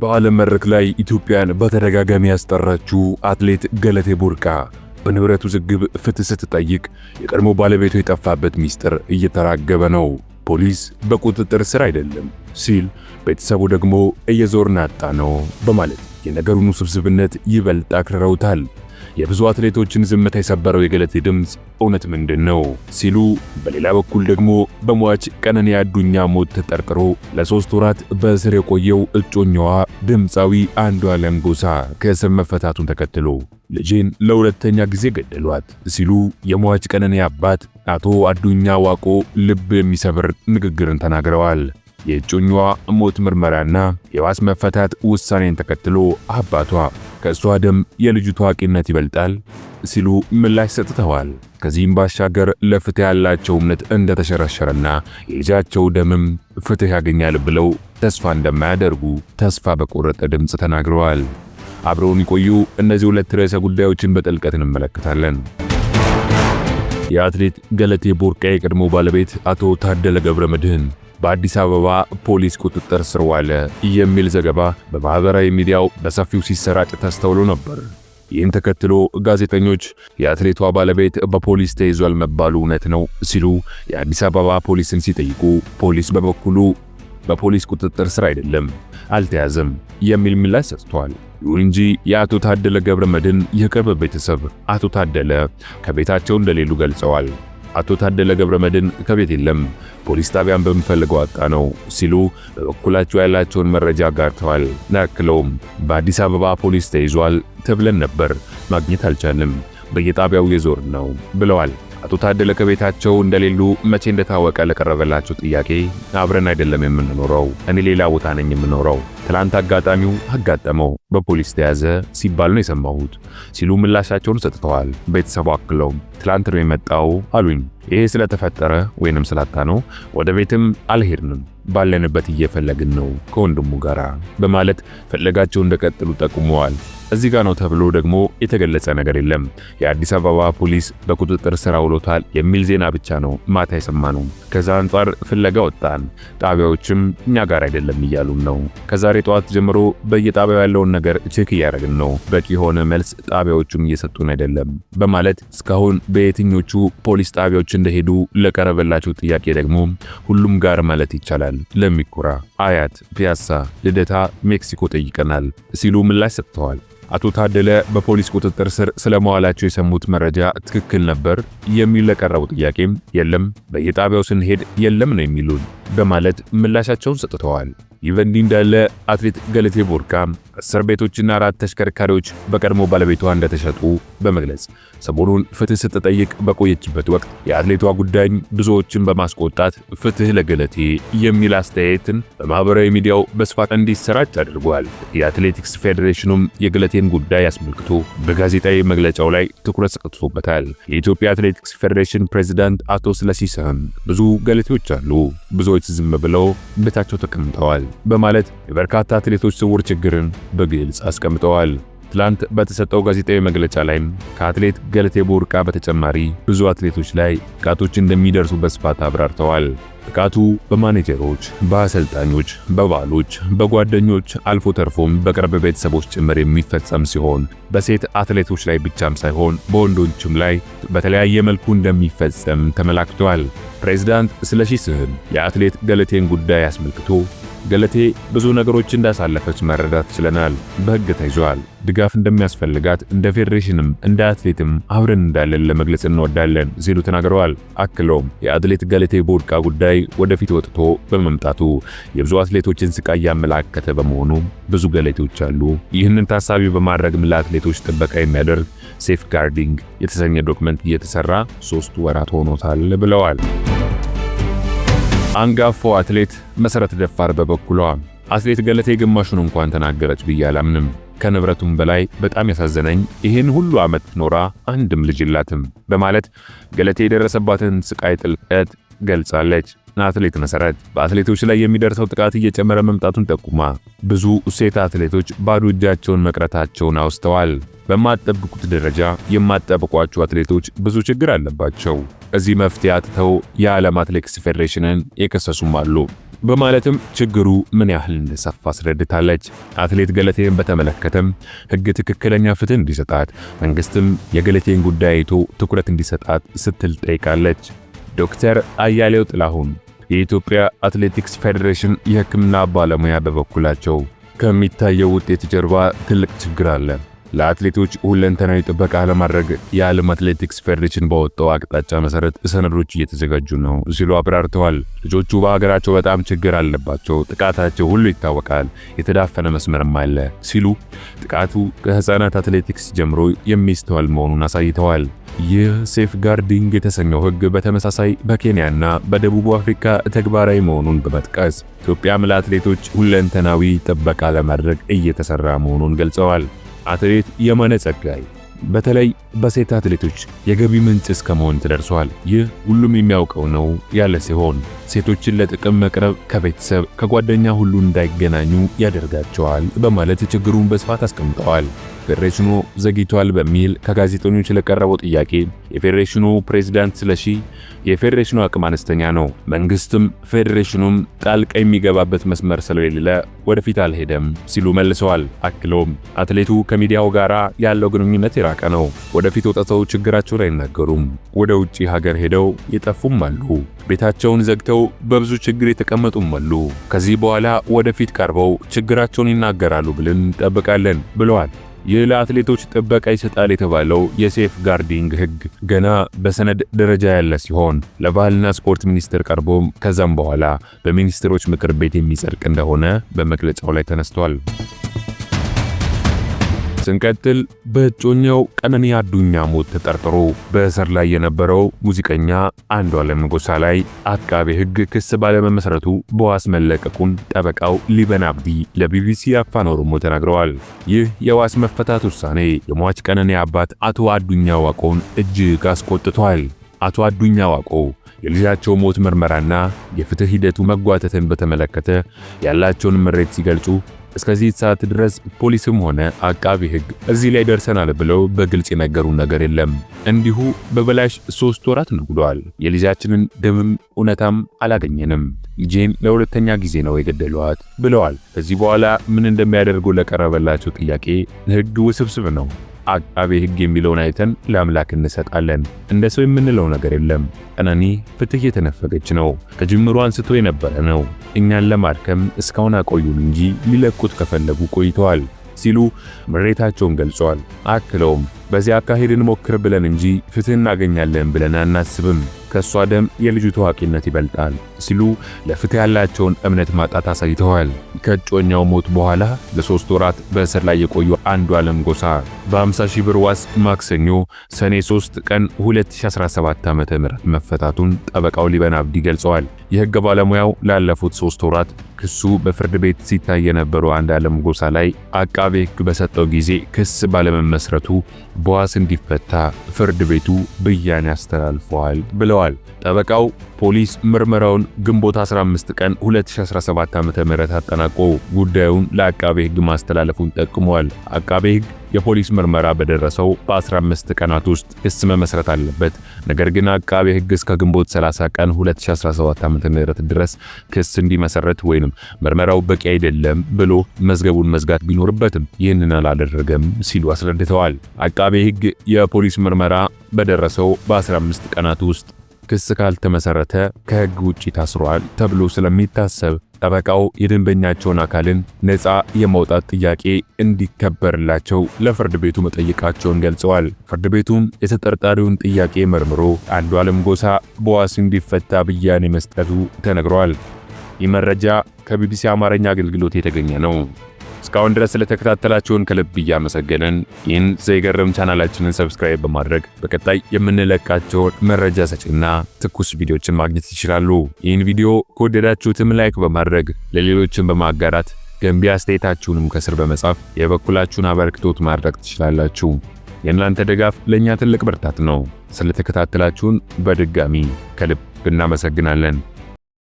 በዓለም መድረክ ላይ ኢትዮጵያን በተደጋጋሚ ያስጠራችው አትሌት ገለቴ ቡርቃ በንብረት ውዝግብ ፍትህ ስትጠይቅ የቀድሞ ባለቤቱ የጠፋበት ምስጢር እየተራገበ ነው። ፖሊስ በቁጥጥር ስር አይደለም ሲል፣ ቤተሰቡ ደግሞ እየዞርን አጣ ነው በማለት የነገሩን ውስብስብነት ይበልጥ አክርረውታል። የብዙ አትሌቶችን ዝምታ የሰበረው የገለቴ ድምፅ እውነት ምንድን ነው ሲሉ፣ በሌላ በኩል ደግሞ በሟች ቀነኔ አዱኛ ሞት ተጠርጥሮ ለሶስት ወራት በእስር የቆየው እጮኛዋ ድምፃዊ አንዷለም ጎሳ ከእስር መፈታቱን ተከትሎ ልጄን ለሁለተኛ ጊዜ ገደሏት ሲሉ የሟች ቀነኔ አባት አቶ አዱኛ ዋቆ ልብ የሚሰብር ንግግርን ተናግረዋል። የእጮኛዋ ሞት ምርመራና የዋስ መፈታት ውሳኔን ተከትሎ አባቷ ከእሷ ደም የልጁ ታዋቂነት ይበልጣል ሲሉ ምላሽ ሰጥተዋል። ከዚህም ባሻገር ለፍትህ ያላቸው እምነት እንደተሸረሸረና የልጃቸው ደምም ፍትህ ያገኛል ብለው ተስፋ እንደማያደርጉ ተስፋ በቆረጠ ድምፅ ተናግረዋል። አብረውን ይቆዩ። እነዚህ ሁለት ርዕሰ ጉዳዮችን በጥልቀት እንመለከታለን። የአትሌት ገለቴ ቡርቃ የቀድሞ ባለቤት አቶ ታደለ ገብረ መድህን በአዲስ አበባ ፖሊስ ቁጥጥር ስር ዋለ የሚል ዘገባ በማኅበራዊ ሚዲያው በሰፊው ሲሰራጭ ተስተውሎ ነበር። ይህን ተከትሎ ጋዜጠኞች የአትሌቷ ባለቤት በፖሊስ ተይዟል መባሉ እውነት ነው ሲሉ የአዲስ አበባ ፖሊስን ሲጠይቁ፣ ፖሊስ በበኩሉ በፖሊስ ቁጥጥር ስር አይደለም፣ አልተያዘም የሚል ምላሽ ሰጥቷል። ይሁን እንጂ የአቶ ታደለ ገብረ መድን የቅርብ ቤተሰብ አቶ ታደለ ከቤታቸው እንደሌሉ ገልጸዋል። አቶ ታደለ ገብረ መድን ከቤት የለም፣ ፖሊስ ጣቢያን በምፈልገው አጣ ነው ሲሉ በበኩላቸው ያላቸውን መረጃ አጋርተዋል። ናክለውም በአዲስ አበባ ፖሊስ ተይዟል ተብለን ነበር፣ ማግኘት አልቻልም፣ በየጣቢያው የዞርን ነው ብለዋል። አቶ ታደለ ከቤታቸው እንደሌሉ መቼ እንደታወቀ ለቀረበላቸው ጥያቄ አብረን አይደለም የምንኖረው፣ እኔ ሌላ ቦታ ነኝ የምኖረው፣ ትላንት አጋጣሚው አጋጠመው፣ በፖሊስ ተያዘ ሲባል ነው የሰማሁት ሲሉ ምላሻቸውን ሰጥተዋል። ቤተሰቡ አክለውም ትላንት ነው የመጣው አሉኝ። ይሄ ስለተፈጠረ ወይንም ስላታ ነው ወደ ቤትም አልሄድንም ባለንበት እየፈለግን ነው ከወንድሙ ጋር በማለት ፈለጋቸው እንደቀጥሉ ጠቁመዋል። እዚህ ጋር ነው ተብሎ ደግሞ የተገለጸ ነገር የለም። የአዲስ አበባ ፖሊስ በቁጥጥር ስር አውሎታል የሚል ዜና ብቻ ነው ማታ የሰማ ነው። ከዛ አንጻር ፍለጋ ወጣን። ጣቢያዎችም እኛ ጋር አይደለም እያሉን ነው። ከዛሬ ጠዋት ጀምሮ በየጣቢያው ያለውን ነገር ቼክ እያደረግን ነው። በቂ የሆነ መልስ ጣቢያዎቹም እየሰጡን አይደለም በማለት እስካሁን በየትኞቹ ፖሊስ ጣቢያዎች እንደሄዱ ለቀረበላቸው ጥያቄ ደግሞ ሁሉም ጋር ማለት ይቻላል ለሚኩራ አያት፣ ፒያሳ፣ ልደታ፣ ሜክሲኮ ጠይቀናል ሲሉ ምላሽ ሰጥተዋል። አቶ ታደለ በፖሊስ ቁጥጥር ስር ስለመዋላቸው የሰሙት መረጃ ትክክል ነበር የሚል ለቀረቡ ጥያቄም የለም፣ በየጣቢያው ስንሄድ የለም ነው የሚሉን በማለት ምላሻቸውን ሰጥተዋል። ይህ በእንዲህ እንዳለ አትሌት ገለቴ ቡርቃ አስር ቤቶችና አራት ተሽከርካሪዎች በቀድሞ ባለቤቷ እንደተሸጡ በመግለጽ ሰሞኑን ፍትህ ስትጠይቅ በቆየችበት ወቅት የአትሌቷ ጉዳይ ብዙዎችን በማስቆጣት ፍትህ ለገለቴ የሚል አስተያየትን በማህበራዊ ሚዲያው በስፋት እንዲሰራጭ አድርጓል። የአትሌቲክስ ፌዴሬሽኑም የገለቴን ጉዳይ አስመልክቶ በጋዜጣዊ መግለጫው ላይ ትኩረት ሰጥቶበታል። የኢትዮጵያ አትሌቲክስ ፌዴሬሽን ፕሬዝዳንት አቶ ስለሺ ብዙ ገለቴዎች አሉ፣ ብዙዎች ዝም ብለው ቤታቸው ተቀምጠዋል በማለት የበርካታ አትሌቶች ስውር ችግርን በግልጽ አስቀምጠዋል። ትላንት በተሰጠው ጋዜጣዊ መግለጫ ላይም ከአትሌት ገለቴ ቡርቃ በተጨማሪ ብዙ አትሌቶች ላይ ጥቃቶች እንደሚደርሱ በስፋት አብራርተዋል። ጥቃቱ በማኔጀሮች፣ በአሰልጣኞች፣ በባሎች፣ በጓደኞች አልፎ ተርፎም በቅርብ ቤተሰቦች ጭምር የሚፈጸም ሲሆን በሴት አትሌቶች ላይ ብቻም ሳይሆን በወንዶችም ላይ በተለያየ መልኩ እንደሚፈጸም ተመላክቷል። ፕሬዝዳንት ስለሺ ስህን የአትሌት ገለቴን ጉዳይ አስመልክቶ ገለቴ ብዙ ነገሮች እንዳሳለፈች መረዳት ችለናል። በሕግ ተይዟል። ድጋፍ እንደሚያስፈልጋት እንደ ፌዴሬሽንም እንደ አትሌትም አብረን እንዳለን ለመግለጽ እንወዳለን ሲሉ ተናግረዋል። አክለውም የአትሌት ገለቴ ቦድቃ ጉዳይ ወደፊት ወጥቶ በመምጣቱ የብዙ አትሌቶችን ስቃይ ያመላከተ በመሆኑ ብዙ ገለቴዎች አሉ። ይህንን ታሳቢ በማድረግም ለአትሌቶች ጥበቃ የሚያደርግ ሴፍ ጋርዲንግ የተሰኘ ዶክመንት እየተሰራ ሶስት ወራት ሆኖታል ብለዋል። አንጋፋው አትሌት መሰረት ደፋር በበኩሏ አትሌት ገለቴ ግማሹን እንኳን ተናገረች ብዬ አላምንም። ከንብረቱም በላይ በጣም ያሳዘነኝ ይህን ሁሉ ዓመት ኖራ አንድም ልጅ የላትም በማለት ገለቴ የደረሰባትን ስቃይ ጥልቀት ገልጻለች። አትሌት መሰረት በአትሌቶች ላይ የሚደርሰው ጥቃት እየጨመረ መምጣቱን ጠቁማ ብዙ ሴት አትሌቶች ባዶ እጃቸውን መቅረታቸውን አውስተዋል። በማትጠብቁት ደረጃ የማትጠብቋቸው አትሌቶች ብዙ ችግር አለባቸው። እዚህ መፍትሄ አጥተው የዓለም አትሌቲክስ ፌዴሬሽንን የከሰሱም አሉ በማለትም ችግሩ ምን ያህል እንደሰፋ አስረድታለች። አትሌት ገለቴን በተመለከተም ሕግ ትክክለኛ ፍትህ እንዲሰጣት መንግስትም የገለቴን ጉዳይ አይቶ ትኩረት እንዲሰጣት ስትል ጠይቃለች። ዶክተር አያሌው ጥላሁን የኢትዮጵያ አትሌቲክስ ፌዴሬሽን የሕክምና ባለሙያ በበኩላቸው ከሚታየው ውጤት ጀርባ ትልቅ ችግር አለ ለአትሌቶች ሁለንተናዊ ጥበቃ ለማድረግ የዓለም አትሌቲክስ ፌዴሬሽን በወጣው አቅጣጫ መሰረት ሰነዶች እየተዘጋጁ ነው ሲሉ አብራርተዋል። ልጆቹ በሀገራቸው በጣም ችግር አለባቸው፣ ጥቃታቸው ሁሉ ይታወቃል፣ የተዳፈነ መስመርም አለ ሲሉ ጥቃቱ ከህፃናት አትሌቲክስ ጀምሮ የሚስተዋል መሆኑን አሳይተዋል። ይህ ሴፍ ጋርዲንግ የተሰኘው ህግ በተመሳሳይ በኬንያና በደቡብ አፍሪካ ተግባራዊ መሆኑን በመጥቀስ ኢትዮጵያም ለአትሌቶች ሁለንተናዊ ጥበቃ ለማድረግ እየተሰራ መሆኑን ገልጸዋል። አትሌት የማነ ጸጋይ በተለይ በሴት አትሌቶች የገቢ ምንጭ እስከ መሆን ተደርሷል። ይህ ሁሉም የሚያውቀው ነው ያለ ሲሆን ሴቶችን ለጥቅም መቅረብ ከቤተሰብ ከጓደኛ ሁሉ እንዳይገናኙ ያደርጋቸዋል በማለት ችግሩን በስፋት አስቀምጠዋል። ፌዴሬሽኑ ዘግይቷል በሚል ከጋዜጠኞች ለቀረበው ጥያቄ የፌዴሬሽኑ ፕሬዝዳንት ስለሺ የፌዴሬሽኑ አቅም አነስተኛ ነው፣ መንግስትም ፌዴሬሽኑም ጣልቃ የሚገባበት መስመር ስለሌለ ወደፊት አልሄደም ሲሉ መልሰዋል። አክለውም አትሌቱ ከሚዲያው ጋር ያለው ግንኙነት የራቀ ነው፣ ወደፊት ወጥተው ችግራቸውን አይናገሩም። ወደ ውጭ ሀገር ሄደው የጠፉም አሉ፣ ቤታቸውን ዘግተው በብዙ ችግር የተቀመጡም አሉ። ከዚህ በኋላ ወደፊት ቀርበው ችግራቸውን ይናገራሉ ብለን እንጠብቃለን ብለዋል። ይህ ለአትሌቶች ጥበቃ ይሰጣል የተባለው የሴፍ ጋርዲንግ ህግ ገና በሰነድ ደረጃ ያለ ሲሆን ለባህልና ስፖርት ሚኒስቴር ቀርቦም ከዛም በኋላ በሚኒስትሮች ምክር ቤት የሚጸድቅ እንደሆነ በመግለጫው ላይ ተነስቷል። ስንቀጥል በእጮኛው ቀነኒ አዱኛ ሞት ተጠርጥሮ በእስር ላይ የነበረው ሙዚቀኛ አንዷለም ጎሳ ላይ አቃቤ ሕግ ክስ ባለመመስረቱ በዋስ መለቀቁን ጠበቃው ሊበን አብዲ ለቢቢሲ አፋን ኦሮሞ ተናግረዋል። ይህ የዋስ መፈታት ውሳኔ የሟች ቀነኒ አባት አቶ አዱኛ ዋቆን እጅግ አስቆጥቷል። አቶ አዱኛ ዋቆ የልጃቸው ሞት ምርመራና የፍትህ ሂደቱ መጓተትን በተመለከተ ያላቸውን ምሬት ሲገልጹ እስከዚህ ሰዓት ድረስ ፖሊስም ሆነ አቃቢ ህግ እዚህ ላይ ደርሰናል ብለው በግልጽ የነገሩን ነገር የለም። እንዲሁ በበላሽ ሶስት ወራት ነጉዷል። የልጃችንን ደምም እውነታም አላገኘንም። ጄን ለሁለተኛ ጊዜ ነው የገደሏት ብለዋል። ከዚህ በኋላ ምን እንደሚያደርጉ ለቀረበላቸው ጥያቄ ህግ ውስብስብ ነው። አቃቤ ሕግ የሚለውን አይተን ለአምላክ እንሰጣለን። እንደ ሰው የምንለው ነገር የለም። ቀነኒ ፍትህ የተነፈገች ነው። ከጅምሩ አንስቶ የነበረ ነው። እኛን ለማድከም እስካሁን አቆዩን እንጂ ሊለቁት ከፈለጉ ቆይተዋል ሲሉ ምሬታቸውን ገልጸዋል። አክለውም በዚህ አካሄድ እንሞክር ብለን እንጂ ፍትህ እናገኛለን ብለን አናስብም ከእሷ ደም የልጅቱ አዋቂነት ይበልጣል ሲሉ ለፍትህ ያላቸውን እምነት ማጣት አሳይተዋል። ከእጮኛው ሞት በኋላ ለሶስት ወራት በእስር ላይ የቆዩ አንዱ ዓለም ጎሳ በ50 ሺህ ብር ዋስ ማክሰኞ ሰኔ 3 ቀን 2017 ዓ.ም መፈታቱን ጠበቃው ሊበን አብዲ ገልጸዋል። የህግ ባለሙያው ላለፉት ሶስት ወራት ክሱ በፍርድ ቤት ሲታይ የነበሩ አንድ ዓለም ጎሳ ላይ አቃቤ ሕግ በሰጠው ጊዜ ክስ ባለመመስረቱ በዋስ እንዲፈታ ፍርድ ቤቱ ብያኔ አስተላልፈዋል ብለዋል። ጠበቃው ፖሊስ ምርመራውን ግንቦት 15 ቀን 2017 ዓ.ም አጠናቆ ጉዳዩን ለአቃቤ ሕግ ማስተላለፉን ጠቅመዋል። አቃቤ ሕግ የፖሊስ ምርመራ በደረሰው በ15 ቀናት ውስጥ ክስ መመስረት አለበት። ነገር ግን አቃቤ ሕግ እስከ ግንቦት 30 ቀን 2017 ዓ.ም ድረስ ክስ እንዲመሰረት ወይንም ምርመራው በቂ አይደለም ብሎ መዝገቡን መዝጋት ቢኖርበትም ይህንን አላደረገም ሲሉ አስረድተዋል። አቃቤ ሕግ የፖሊስ ምርመራ በደረሰው በ15 ቀናት ውስጥ ክስ ካልተመሰረተ ከህግ ውጪ ታስሯል ተብሎ ስለሚታሰብ ጠበቃው የደንበኛቸውን አካልን ነፃ የማውጣት ጥያቄ እንዲከበርላቸው ለፍርድ ቤቱ መጠየቃቸውን ገልጸዋል። ፍርድ ቤቱም የተጠርጣሪውን ጥያቄ መርምሮ አንዷለም ጎሳ በዋስ እንዲፈታ ብያኔ መስጠቱ ተነግሯል። ይህ መረጃ ከቢቢሲ አማርኛ አገልግሎት የተገኘ ነው። እስካሁን ድረስ ስለተከታተላችሁን ከልብ እያመሰገንን ይህን ዘይገርም ቻናላችንን ሰብስክራይብ በማድረግ በቀጣይ የምንለቃቸውን መረጃ ሰጪና ትኩስ ቪዲዮችን ማግኘት ይችላሉ። ይህን ቪዲዮ ከወደዳችሁትም ላይክ በማድረግ ለሌሎችን በማጋራት ገንቢ አስተያየታችሁንም ከስር በመጻፍ የበኩላችሁን አበርክቶት ማድረግ ትችላላችሁ። የእናንተ ድጋፍ ለእኛ ትልቅ ብርታት ነው። ስለተከታተላችሁን በድጋሚ ከልብ እናመሰግናለን።